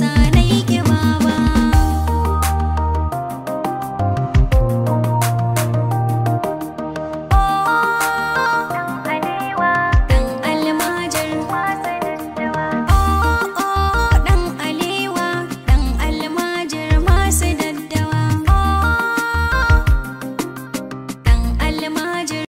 inside